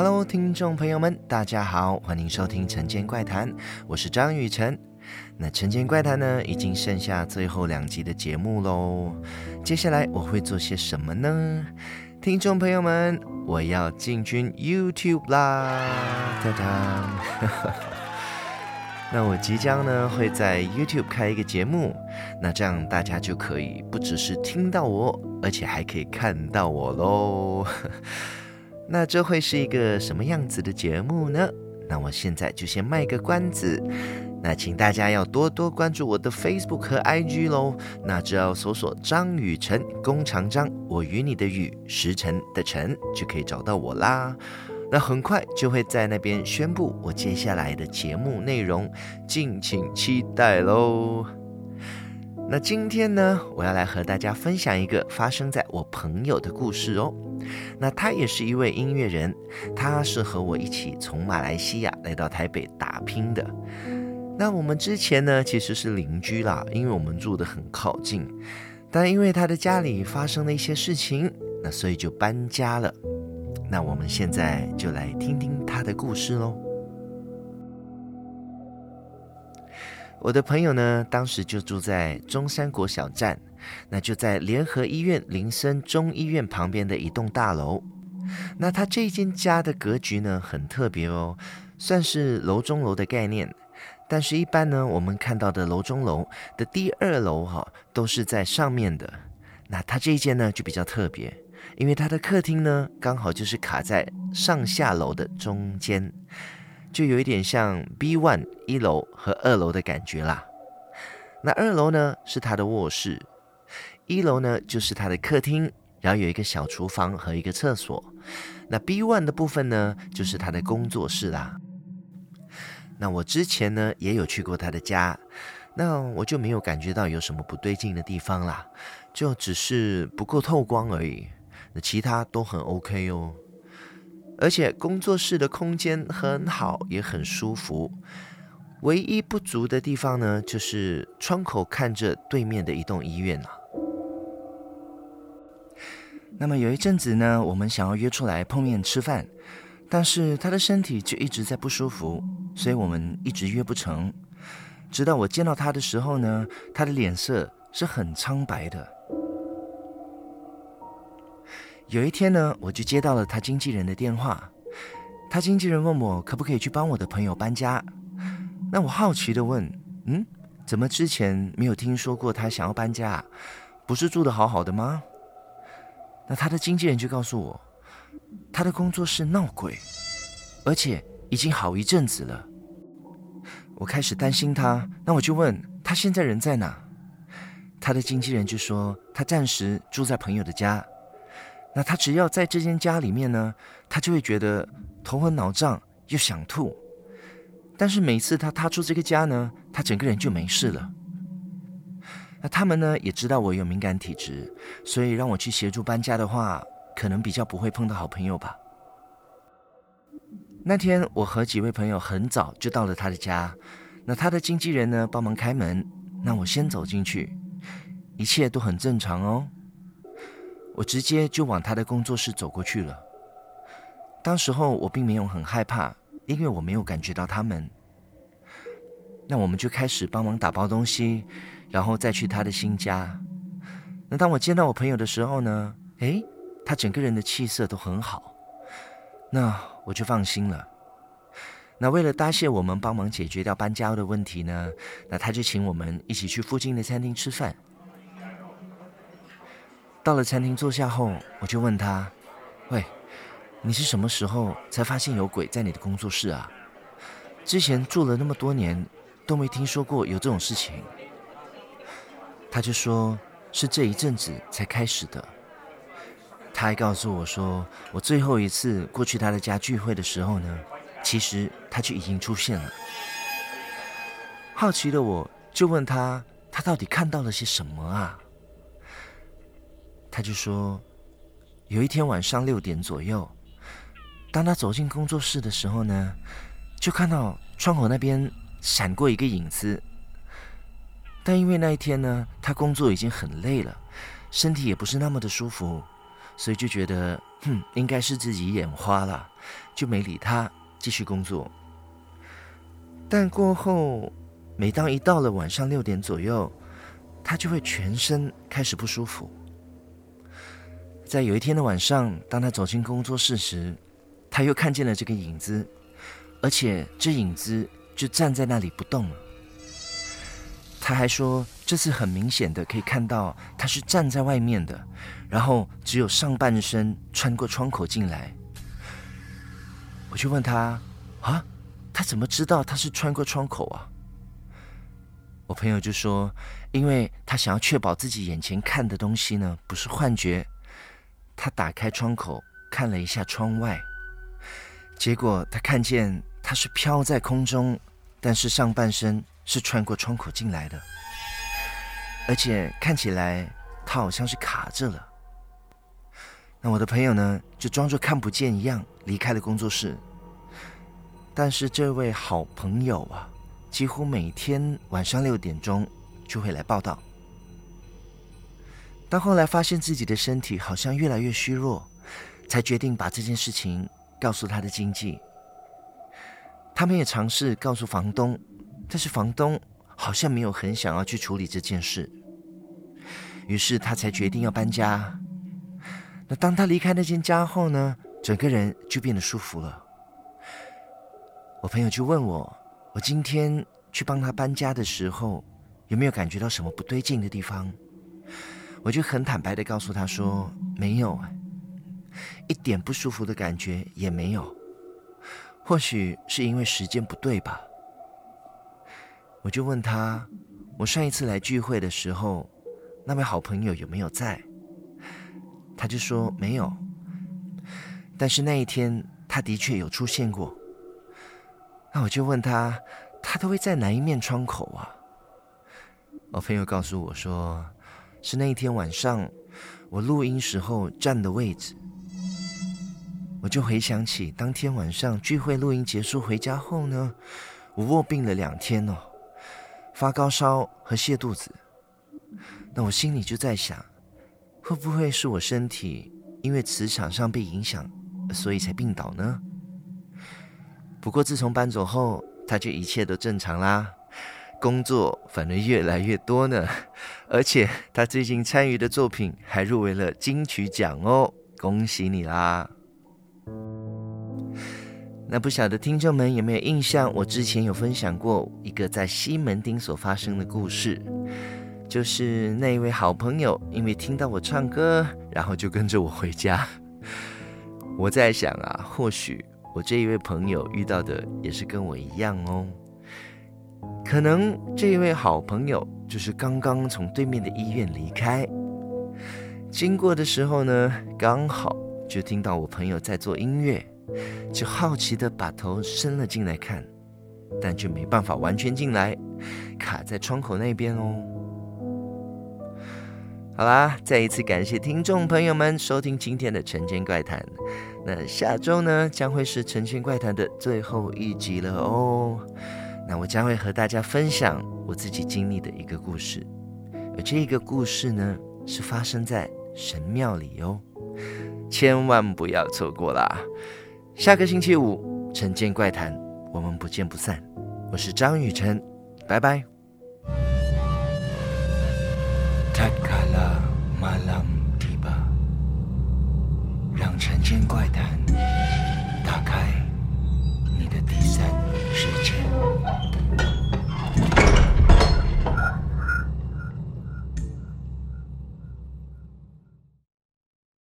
Hello，聽眾朋友們，大家好，歡迎收聽《辰間怪談》，我是張雨晨。那《辰間怪談》呢，已經剩下最後兩集的節目嘍。接下來我會做些什麼呢？聽眾朋友們，我要進軍 YouTube 啦！噠噠。 那我即將呢會在 YouTube 開一個節目，那這樣大家就可以不只是聽到我，而且還可以看到我嘍。那這會是一個什麼樣子的節目呢？那我現在就先賣個關子。那請大家要多多關注我的 Facebook 和 IG 嘍。那只要搜索“張雨辰”、“弓長張”“我與你的雨”“時辰的辰”就可以找到我啦。那很快就會在那邊宣布我接下來的節目內容，敬請期待嘍。那今天呢，我要來和大家分享一個發生在我朋友的故事哦。那他也是一位音樂人，他是和我一起從馬來西亞來到台北打拼的。那我們之前呢，其實是鄰居啦，因為我們住得很靠近。但因為他的家裡發生了一些事情，那所以就搬家了。那我們現在就來聽聽他的故事嘍。我的朋友呢，當時就住在中山國小站，那就在聯合醫院林森中醫院旁邊的一棟大樓。那他這一間家的格局呢，很特別哦，算是樓中樓的概念。但是，一般呢，我們看到的樓中樓的第二樓哈、哦，都是在上面的。那他這一間呢，就比較特別，因為他的客廳呢，剛好就是卡在上下樓的中間。就有一點像 B1 一樓和二樓的感覺啦。那二樓呢是他的臥室，一樓呢就是他的客廳，然後有一個小廚房和一個廁所。那 B1 的部分呢就是他的工作室啦。那我之前呢也有去過他的家，那我就沒有感覺到有什麼不對勁的地方啦，就只是不夠透光而已。那其他都很 OK 哦。而且工作室的空間很好，也很舒服。唯一不足的地方呢，就是窗口看着對面的一棟醫院啊。那麼有一陣子呢，我們想要約出來碰面吃飯，但是他的身體卻一直在不舒服，所以我們一直約不成。直到我見到他的時候呢，他的臉色是很蒼白的。有一天呢，我就接到了他經紀人的電話。他經紀人問我可不可以去幫我的朋友搬家。那我好奇的問：“嗯，怎麼之前沒有聽說過他想要搬家？不是住得好好的嗎？”那他的經紀人就告訴我，他的工作室鬧鬼，而且已經好一陣子了。我開始擔心他，那我就問他現在人在哪？他的經紀人就說他暫時住在朋友的家。那他只要在這間家裡面呢，他就會覺得頭昏腦脹又想吐，但是每次他踏出這個家呢，他整個人就沒事了。那他們呢，也知道我有敏感體質，所以讓我去協助搬家的話，可能比較不會碰到好朋友吧。那天我和幾位朋友很早就到了他的家，那他的經紀人呢，幫忙開門，那我先走進去，一切都很正常哦。我直接就往他的工作室走過去了。當時候我並沒有很害怕，因為我沒有感覺到他們。那我們就開始幫忙打包東西，然後再去他的新家。那當我見到我朋友的時候呢，哎，他整個人的氣色都很好，那我就放心了。那為了答謝我們幫忙解決掉搬家的問題呢，那他就請我們一起去附近的餐廳吃飯。到了餐廳坐下後，我就問他：“喂，你是什麼時候才發現有鬼在你的工作室啊？之前住了那麼多年，都沒聽說過有這種事情。”他就說：“是這一陣子才開始的。”他還告訴我說：“我最後一次過去他的家聚會的時候呢，其實他就已經出現了。”好奇的我，就問他：“他到底看到了些什麼啊？”他就說，有一天晚上六點左右，當他走進工作室的時候呢，就看到窗口那邊閃過一個影子。但因為那一天呢，他工作已經很累了，身體也不是那麼的舒服，所以就覺得哼，應該是自己眼花了，就沒理他，繼續工作。但過後，每當一到了晚上六點左右，他就會全身開始不舒服。在有一天的晚上，當他走進工作室時，他又看見了這個影子，而且這影子就站在那裡不動了。他還說，這次很明顯的可以看到，他是站在外面的，然後只有上半身穿過窗口進來。我就問他啊，他怎麼知道他是穿過窗口啊？我朋友就說，因為他想要確保自己眼前看的東西呢，不是幻覺。他打開窗口，看了一下窗外，結果他看見他是飄在空中，但是上半身是穿過窗口進來的，而且看起來他好像是卡着了。那我的朋友呢，就裝作看不見一樣離開了工作室。但是這位好朋友啊，幾乎每天晚上六點鐘就會來報到。到後來發現自己的身體好像越來越虛弱，才決定把這件事情告訴他的經紀。他們也嘗試告訴房東，但是房東好像沒有很想要去處理這件事。於是他才決定要搬家。那當他離開那間家後呢，整個人就變得舒服了。我朋友就問我，我今天去幫他搬家的時候，有沒有感覺到什麼不對勁的地方？我就很坦白地告訴他說：“沒有啊，一點不舒服的感覺也沒有。或許是因為時間不對吧。”我就問他：“我上一次來聚會的時候，那位好朋友有沒有在？”他就說：“沒有。”但是那一天他的確有出現過。那我就問他：“他都會在哪一面窗口啊？”我朋友告訴我說。是那一天晚上，我錄音時候站的位置，我就回想起當天晚上聚會錄音結束回家後呢，我臥病了兩天哦，發高燒和瀉肚子。那我心裡就在想，會不會是我身體因為磁場上被影響，所以才病倒呢？不過自從搬走後，他就一切都正常啦，工作反而越來越多呢。而且他最近參與的作品還入圍了金曲獎哦，恭喜你啦！那不曉得聽眾們有沒有印象？我之前有分享過一個在西門町所發生的故事，就是那一位好朋友因為聽到我唱歌，然後就跟着我回家。我在想啊，或許我這一位朋友遇到的也是跟我一樣哦，可能這一位好朋友。就是剛剛從對面的醫院離開，經過的時候呢，剛好就聽到我朋友在做音樂，就好奇的把頭伸了進來看，但卻沒辦法完全進來，卡在窗口那邊哦。好啦，再一次感謝聽眾朋友們收聽今天的《辰間怪談》，那下周呢將會是《辰間怪談》的最後一集了哦。那我將會和大家分享我自己經歷的一個故事，而這個故事呢，是發生在神廟裡哦，千萬不要錯過啦。下個星期五《辰間怪談》，我們不見不散。我是張雨晨，拜拜。